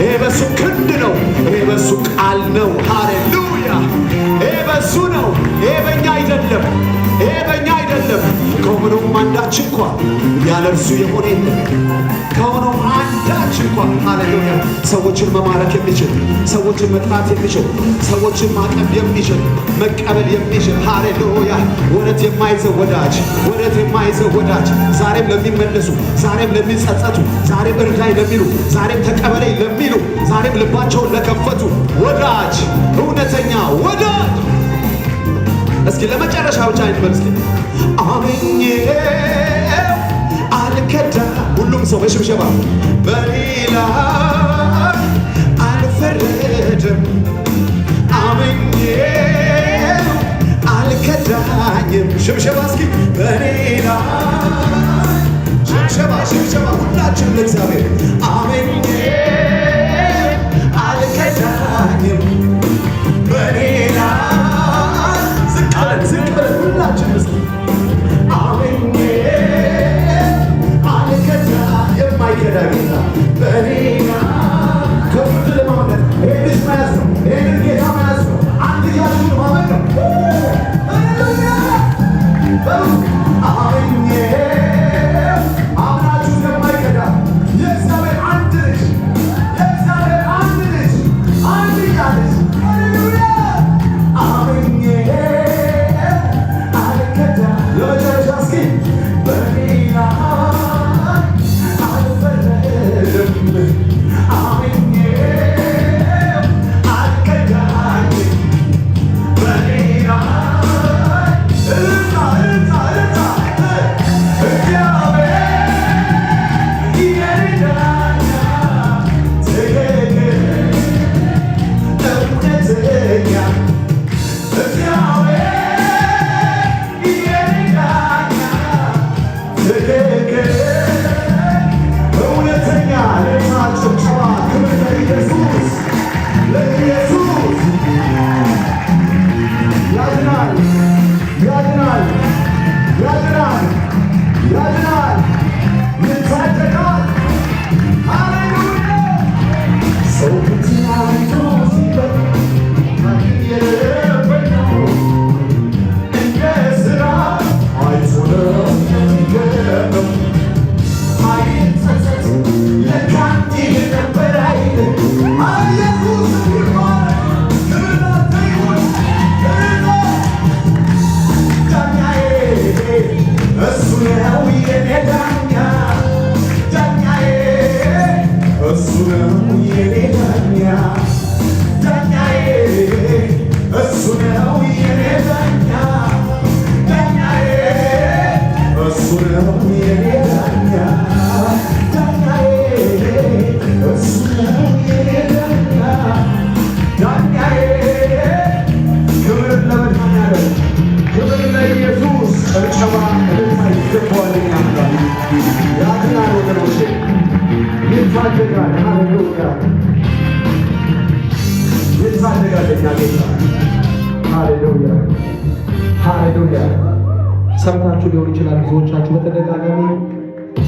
ይሄ በሱ ክንድ ነው። ይሄ በሱ ቃል ነው። ሃሌሉያ! ይሄ በሱ ነው። ይሄ በእኛ አይደለም። ይሄ በእኛ አይደለም። ከሆነውም አንዳች እንኳ ያለ እርሱ የሆነ የለም። ከሆነውም አንዳች እንኳን ሃሌሉያ ሰዎችን መማረክ የሚችል ሰዎችን መጥራት የሚችል ሰዎችን ማቀብ የሚችል መቀበል የሚችል ሃሌሉያ ወረት የማይዘው ወዳጅ ወረት የማይዘው ወዳጅ ዛሬም ለሚመለሱ ዛሬም ለሚጸጸቱ ዛሬም እርዳይ ለሚሉ ዛሬም ተቀበለኝ ለሚሉ ዛሬም ልባቸውን ለከፈቱ ወዳጅ እውነተኛ ወዳጅ እስኪ ለመጨረሻ ብቻ ይንበል እስኪ አምኜ ሁሉም ሰው በሽብሸባ በሌላ አልፈረድም፣ አምኜው አልከዳኝም። ሽብሸባ እስኪ በሌላ ሽብሸባ ሽብሸባ ሁላችን ለእግዚአብሔር አልከዳኝም በሌላ ዝቅ በለን ዝቅ በለን ሁላችን ያትናን ሃሌሉያ። ሰምታችሁ ሊሆን ይችላል። ብዙዎቻችሁ በተደጋጋሚ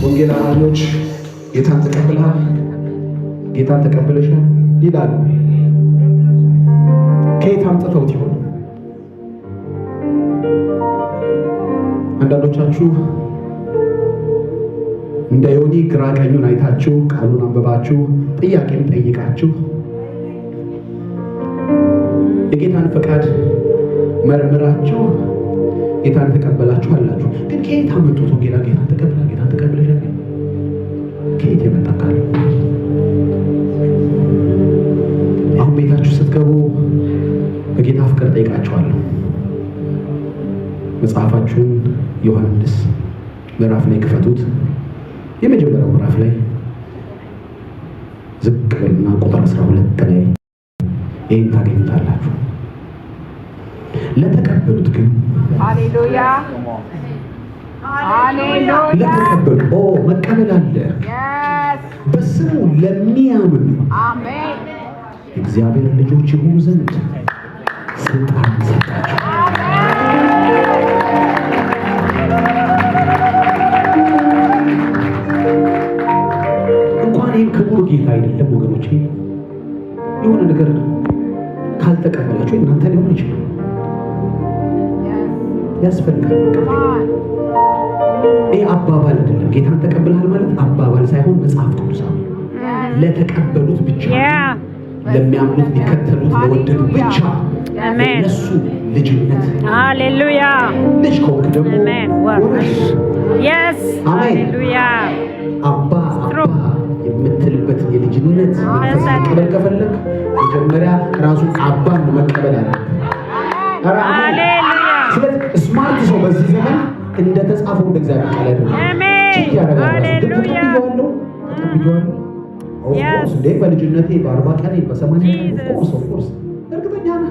ወንጌል አማኞች ጌታን ተቀብለሃል፣ ጌታን ተቀብለሻል ይላሉ። ከየት አምጥተውት ይሆን? አንዳንዶቻችሁ እንደ ዮኒ ግራ ቀኙን አይታችሁ ቃሉን አንብባችሁ ጥያቄም ጠይቃችሁ የጌታን ፈቃድ መርምራችሁ ጌታን ተቀበላችሁ አላችሁ። ግን ከየት አመጡት? ጌታ ጌታ ተቀበላ ጌታ ተቀበለ ከየት የመጣ ቃል? አሁን ቤታችሁ ስትገቡ በጌታ ፍቅር ጠይቃችኋለሁ። መጽሐፋችሁን ዮሐንስ ምዕራፍ ላይ ክፈቱት። የመጀመሪያው ምዕራፍ ላይ ዝቅ በልና ቁጥር 12 ሁለት ላይ ይህን ታገኙታላችሁ። ለተቀበሉት ግን አሌሉያ ለተቀበሉ ኦ መቀበል አለ በስሙ ለሚያምኑ እግዚአብሔር ልጆች ይሆኑ ዘንድ ስልጣን ሰጣቸው። እኮ ጌታ አይደለም ወገኖች። የሆነ ነገር ካልተቀበላችሁ እናንተ ሊሆን ይችላል ያስፈልጋል። ይህ አባባል አይደለም። ጌታን ተቀብልሃል ማለት አባባል ሳይሆን መጽሐፍ ቅዱስ ለተቀበሉት ብቻ ለሚያምኑት ሊከተሉት ለወደዱ ብቻ እነሱ ልጅነት ሃሌሉያ ልጅ ከሆንክ ደግሞ አሜን አባ አባ የምትልበት የልጅነት መንፈስ መቀበል ከፈለግ መጀመሪያ ራሱ አባን መቀበል አለ። ስለዚህ ስማርት ሰው በዚህ ዘመን እንደ ተጻፈው እንደ እግዚአብሔር ቃል ያደረጋለሁ እንዴ በልጅነቴ በአርባ ቀን በሰማንያ ቀን ኦፍኮርስ ኦፍኮርስ እርግጠኛ ነህ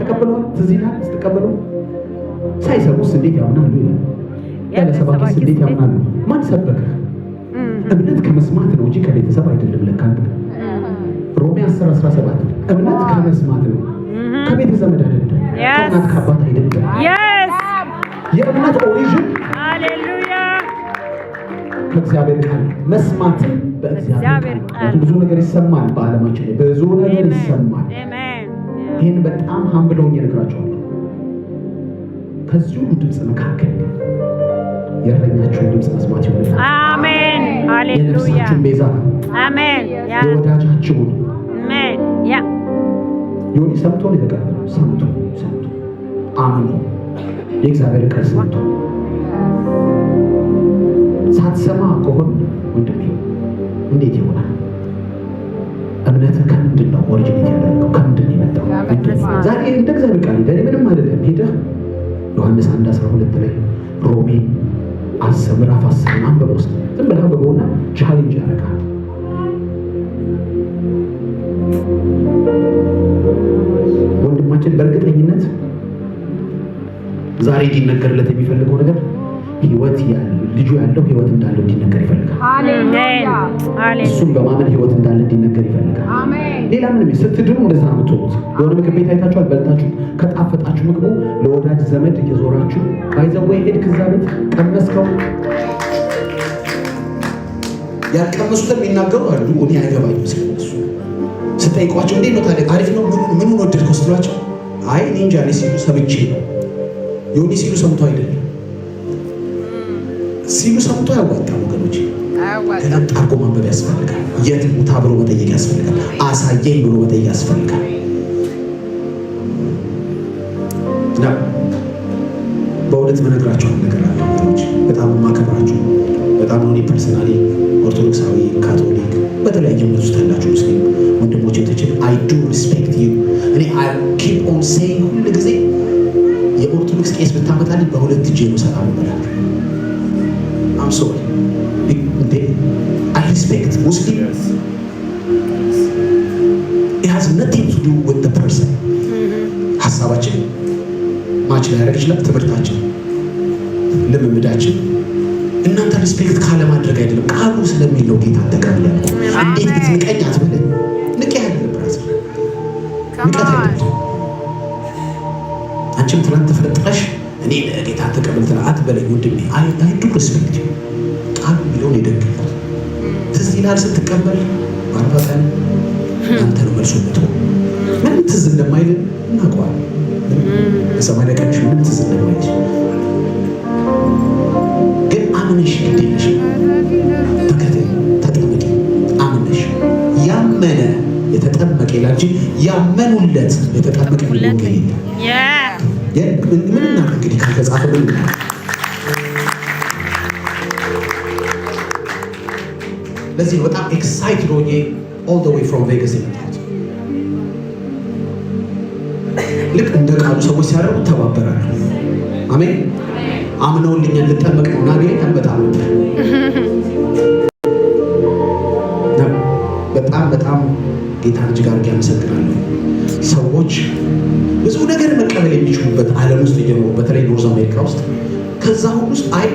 ተቀብለዋል። ትዝ ይልሃል ስትቀበለው ሳይሰቡስ እንዴት ያምናሉ? ያለ ሰባኪስ እንዴት ያምናሉ? ማን ሰበከ? እምነት ከመስማት ነው እንጂ ከቤተሰብ አይደለም። ለካ ሮሜ 10 17 እምነት ከመስማት ነው ከቤተሰብ አይደለም፣ ከእናት ከአባት አይደለም። የእምነት ኦሪጅን ከእግዚአብሔር ቃል መስማትን በእግዚአብሔር ብዙ ነገር ይሰማል። በዓለማችን ላይ ብዙ ነገር ይሰማል። ይህን በጣም ሀምብለውኝ እነግራቸዋለሁ። ከዚሁ ድምፅ መካከል የእረኛችሁን ድምፅ መስማት ይሆናል። አሜን። የነፍሳችን ቤዛ የወዳጃችሁ ዮኒ ሰምቶ ነው የተቀበለው። ሰምቶ ሰምቶ አምኖ የእግዚአብሔር ቃል ሰምቶ ሳትሰማ ከሆን ወንድሜ እንዴት ይሆናል? እምነት ከምንድን ነው ኦሪጂኔት ያደረገው? ከምንድን ነው የመጣው? ዛሬ እንደ እግዚአብሔር ቃል ምንም አይደለም። ሄደህ ዮሐንስ አንድ አስራ ሁለት ላይ ቻሌንጅ ያደርጋል። ወንድማችን በእርግጠኝነት ዛሬ እንዲነገርለት የሚፈልገው ነገር ህይወት ያለው ልጁ ያለው ህይወት እንዳለው እንዲነገር ይፈልጋል። እሱም በማመን ህይወት እንዳለ እንዲነገር ይፈልጋል። ሌላ ምንም ስትድሩ እንደዛ ነው የምትሆኑት። የሆነ ምግብ ቤት አይታችኋል፣ በልታችሁ ከጣፈጣችሁ ምግቡ ለወዳጅ ዘመድ እየዞራችሁ ባይዘወይ ሄድክ እዛ ቤት ቀመስከው ያልቀመሱትን የሚናገሩ አሉ። እኔ አይገባኝም ስለነሱ ስጠይቋቸው እንዴት ነው ታዲያ አሪፍ ነው ምኑን ወደድከው ስትሏቸው አይ እኔ እንጃ እኔ ሲሉ ሰምቼ ነው የሆኔ ሲሉ ሰምቶ አይደለም ሲሉ ሰምቶ አያዋጣም ወገኖች። ገና ጣርጎ ማንበብ ያስፈልጋል። የት ቦታ ብሎ መጠየቅ ያስፈልጋል። አሳየኝ ብሎ መጠየቅ ያስፈልጋል። እና በእውነት መነግራቸውን ነገር አለ ወገኖች። በጣም የማከብራችሁ በጣም ነው እኔ ፐርሰናሊ ኦርቶዶክሳዊ፣ ካቶሊክ በተለያየ እምነት ውስጥ ሙስሊም ወንድሞች የተችል አይ ዱ ሪስፔክት ዩ እኔ አይ ኪፕ ኦን ሴይንግ ሁል ጊዜ የኦርቶዶክስ ቄስ ብታመጣልኝ በሁለት እጄ ነው ሰላም ይበላል። አም ሶሪ አይ ሪስፔክት ሙስሊም ኢሃዝ ነቲንግ ቱ ዱ ዊዝ ፐርሰን ሀሳባችን ማችን ያደረግ ይችላል ትምህርታችን አንቺም ትናንት ተፈለጥረሽ እኔ ለጌታ ተቀበል ትላት በለኝ ወንድሜ። አይ አይ ዱ ሪስፔክት ቃል ቢለውን ይደግፋል። ትዝ ይላል ስትቀበል አርባ ቀን አንተ ነው መልሶ ምቶ ምንም ትዝ እንደማይል እናውቀዋል። በሰማይ ላይ ቀንሽ ትዝ እንደማይል ግን አምነሽ ይላችሁ ያመኑለት የተጠመቀለት ያ ያ ምን እንግዲህ ከተጻፈልን ለዚህ በጣም ኤክሳይትድ ሆኜ all the way from Vegas የመጣሁት ልክ እንደ ቃሉ ሰዎች ሲያደርጉ ተባበራል። አሜን አምነውልኛል። ልጠመቅ ነው ናገኝ ጌታ እጅግ አድርጌ አመሰግናለሁ። ሰዎች ብዙ ነገር መቀበል የሚችሉበት ዓለም ውስጥ እየኖሩ በተለይ ኖርዝ አሜሪካ ውስጥ ከዛ ሁሉ ውስጥ አይ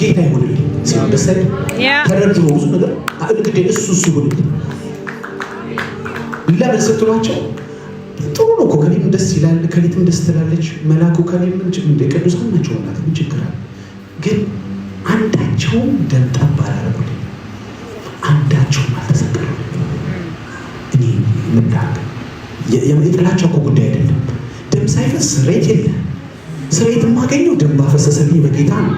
ጌታ ይሆንልኝ ሲበሰል ተረድሮ ብዙ ነገር ግዴ እሱ እሱ ይሆንልኝ ለምን ስትሏቸው ጥሩ ነው እኮ ከኔም ደስ ይላል፣ ከሌትም ደስ ትላለች። መላኩ ከኔም እንደ ቅዱሳን ናቸው ናት ችግራል ግን አንዳቸውም ደምጠብ አላረጉልኝ፣ አንዳቸውም አልተሰቀሉ ልዳት የጥላቸው እኮ ጉዳይ አይደለም። ደም ሳይፈስ ስሬት የለ። ስሬት የማገኘው ደም ባፈሰሰልኝ በጌታ ነው።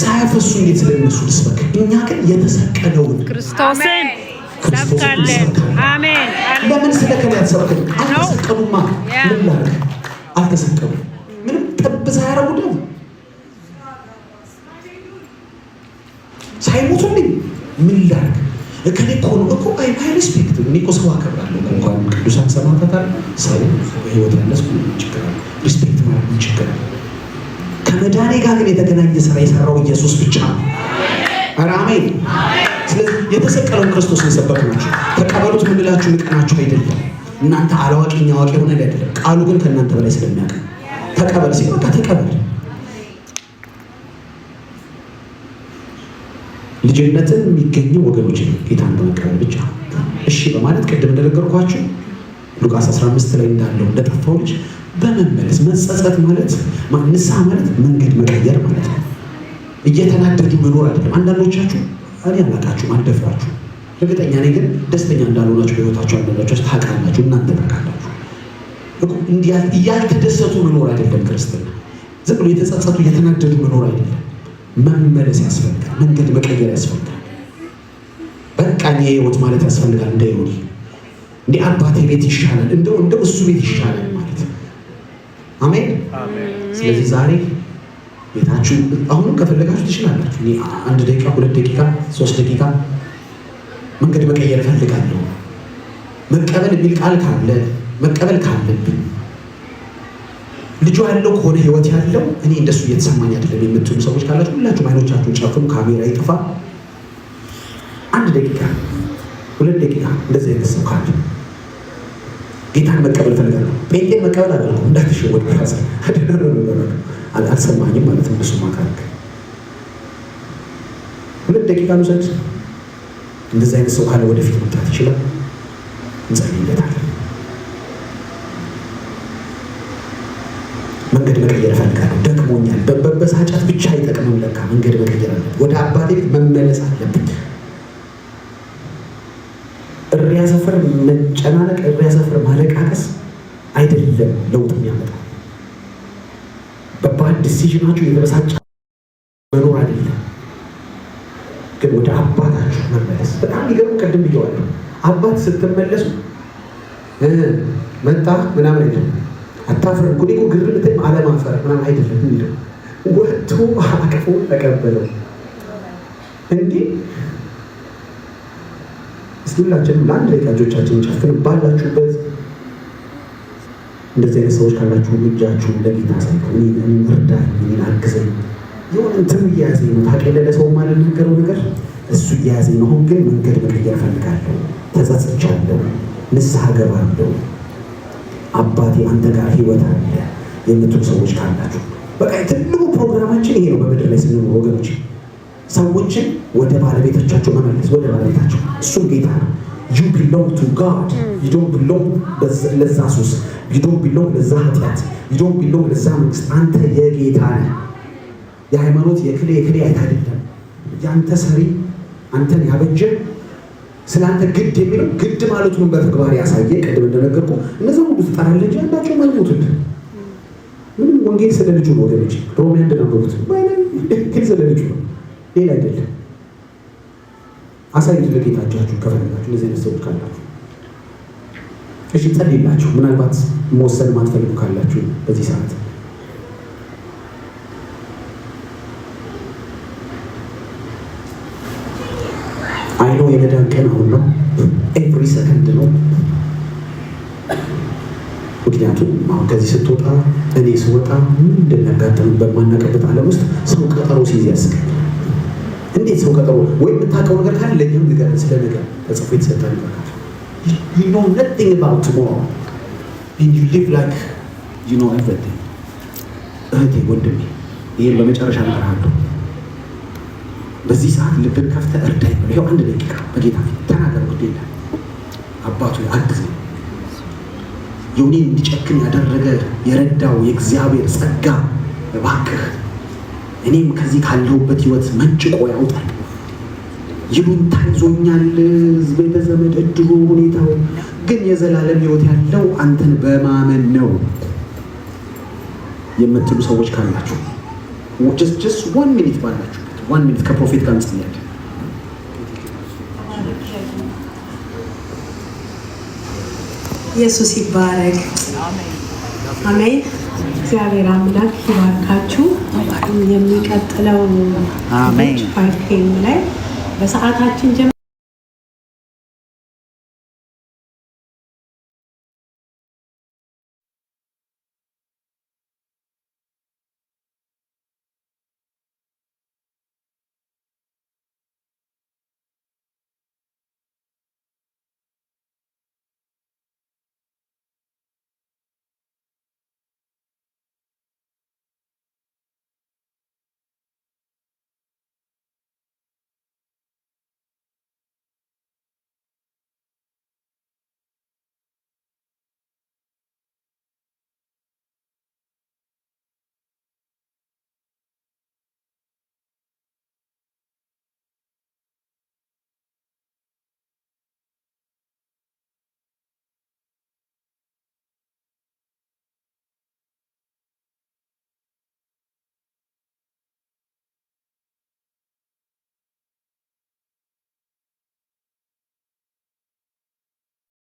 ሳያፈሱ እንዴት ስለነሱ ልስበክ? እኛ ግን የተሰቀለውን ክርስቶስን ለምን ስለከን ያትሰብክን? አልተሰቀሉማ። ልላክ አልተሰቀሉም አይ ሪስፔክት እኔ እኮ ሰው አከብራለሁ። እንኳን ቅዱሳን ሰማዕታት ሰው ህይወት ያለስ ችግር አለ፣ ሪስፔክት ማለት ችግር አለ። ከመዳኔ ጋር ግን የተገናኘ ስራ የሰራው ኢየሱስ ብቻ ነው። ኧረ አሜን። ስለዚህ የተሰቀለውን ክርስቶስ የሰበክ ናቸው። ተቀበሉት የምንላችሁ ንቀናችሁ አይደለም። እናንተ አላዋቂኛ አዋቂ የሆነ አይደለም። ቃሉ ግን ከእናንተ በላይ ስለሚያውቅ ተቀበል ሲል በቃ ተቀበል። ልጅነትን የሚገኘው ወገኖች ጌታን በመቀበል ብቻ እሺ በማለት ቅድም እንደነገርኳችሁ ሉቃስ 15 ላይ እንዳለው እንደጠፋው ልጅ በመመለስ መጸጸት ማለት ንስሐ ማለት መንገድ መቀየር ማለት ነው። እየተናደዱ መኖር አይደለም። አንዳንዶቻችሁ እኔ አላቃችሁም፣ አልደፍራችሁም። እርግጠኛ ነኝ ግን ደስተኛ እንዳልሆናችሁ በሕይወታችሁ አንዳንዶቻችሁ ታውቃላችሁ፣ እናንተ ታውቃላችሁ። እያልተደሰቱ መኖር አይደለም ክርስትና። ዝም ብሎ የተጸጸቱ እየተናደዱ መኖር አይደለም። መመለስ ያስፈልጋል። መንገድ መቀየር ያስፈልጋል። በቃኝ የህይወት ማለት ያስፈልጋል። እንደ ይሁዲ እንደ አባቴ ቤት ይሻላል፣ እንደ እንደ እሱ ቤት ይሻላል ማለት አሜን። ስለዚህ ዛሬ ቤታችሁ አሁንም ከፈለጋችሁ ትችላላችሁ። እኔ አንድ ደቂቃ፣ ሁለት ደቂቃ፣ ሶስት ደቂቃ መንገድ መቀየር እፈልጋለሁ። መቀበል የሚል ቃል ካለ መቀበል ካለብን ልጁ ያለው ከሆነ ህይወት ያለው እኔ እንደሱ እየተሰማኝ አይደለም የምትሉ ሰዎች ካላችሁ ሁላችሁም አይኖቻችሁን ጨፍኑ። ካሜራ ይጥፋ። አንድ ደቂቃ ሁለት ደቂቃ እንደዚህ አይነት ሰው ካለ ጌታን መቀበል ፈልጋለሁ። ጴንጤን መቀበል አለ እንዳትሸወድ ራስ አልሰማኝም ማለት ነው። እሱ ማካረክ ሁለት ደቂቃ ልውሰድ። እንደዚህ አይነት ሰው ካለ ወደፊት መምጣት ይችላል። እንጸልይለታለን። መንገድ መቀየር እፈልጋለሁ፣ ደክሞኛል። በመበሳጨት ብቻ አይጠቅምም። ለካ መንገድ መቀየር አለብኝ። ወደ አባቴ ቤት መመለስ አለብኝ። እሪያ ዘፈር መጨናነቅ፣ እሪያ ዘፈር ማለቃቀስ አይደለም ለውጥ የሚያመጣ በባድ ዲሲዥናችሁ የተበሳጫ መኖር አይደለም፣ ግን ወደ አባታችሁ መመለስ። በጣም ሊገርም ቅድም ብየዋለሁ። አባት ስትመለሱ መጣ ምናምን አይደለም። አታፍርም እኮ እኔ ግር ብትልም አለማፈር ምናምን አይደለም። ወጥቶ አቅፎ ተቀበለው እንዲህ እስኪ ሁላችንም ለአንድ ደቂቃ እጆቻችንን ጨፍን። ባላችሁበት እንደዚህ አይነት ሰዎች ካላችሁ እጃችሁ ለጌታ ሰጡ፣ እርዳኝ፣ እኔን አግዘኝ። የሆነ እንትም እያያዘኝ ነው ታቀለለ ሰው ማልናገረው ነገር እሱ እያያዘኝ ነው። አሁን ግን መንገድ መቀየር ፈልጋለሁ ተጸጽቻለሁ፣ ንስሐ ገባለሁ፣ አባቴ አንተ ጋር ህይወት አለ የምትሉ ሰዎች ካላችሁ በቃ ትልቁ ፕሮግራማችን ይሄ ነው በምድር ላይ ስንኖር ወገኖች ሰዎችን ወደ ባለቤቶቻቸው መመለስ፣ ወደ ባለቤታቸው። እሱም ጌታ ነው። ዩ ቢሎንግ ቱ ጋድ ዩ ዶንት ቢሎንግ ለዛ ሱስ፣ ዩ ዶንት ቢሎንግ ለዛ ኃጢአት፣ ዩ ዶንት ቢሎንግ ለዛ መንግስት። አንተ የጌታ ነህ። የሃይማኖት የክሌ የክሌ አይት አይደለም። የአንተ ሰሪ አንተን ያበጀ ስለ ግድ የሚለው ግድ ማለት ምን በተግባር ያሳየ ቅድም እንደነገርኩ እነዛ ሁሉ ስልጣናለ እንጂ አንዳቸው ማግኘቱት ምንም ወንጌል ስለ ልጁ ነው ወገኖች ሮሜ አንድ ነገሩት ስለ ልጁ ነው ሌላ አይደለም። አሳዩት ለጌታችሁ ከፈለጋችሁ እንደዚህ አይነት ሰዎች ካላችሁ እሺ፣ ጸልይላችሁ ምናልባት መወሰን ማትፈልጉ ካላችሁ በዚህ ሰዓት አይኖ የመዳን ቀን አሁን ነው፣ ኤቭሪ ሰከንድ ነው። ምክንያቱም አሁን ከዚህ ስትወጣ እኔ ስወጣ ምን እንደሚያጋጥም በማናቀበት ዓለም ውስጥ ሰው ቀጠሮ ሲይዝ ያስቀል እንዴት ሰው ከቀሩ ወይ የምታውቀው ነገር ካለ ለይህም ነገር ስለ ነገር ተጽፎ የተሰጠ ነገር you know nothing about tomorrow and you live like you know everything እህቴ ወንድሜ ይህን በመጨረሻ ነገር በዚህ ሰዓት ልብን ከፍተህ እርዳኝ ይኸው አንድ ደቂቃ በጌታ ፊት ተናገር ግዴታ አባቱ አግዝ የውኔ እንዲጨክን ያደረገ የረዳው የእግዚአብሔር ጸጋ እባክህ እኔም ከዚህ ካለሁበት ህይወት መንጭቆ ያውጣል። ይሉንታ ይዞኛል ቤተ ዘመድ፣ እድሩ፣ ሁኔታው ግን የዘላለም ህይወት ያለው አንተን በማመን ነው የምትሉ ሰዎች ካላችሁ ጀስት ዋን ሚኒት ባላችሁበት ዋን ሚኒት ከፕሮፌት ጋር እንጸልያለን። ኢየሱስ ይባረግ። አሜን። እግዚአብሔር አምላክ ይባርካችሁ። የሚቀጥለው ፓርቲ ላይ በሰዓታችን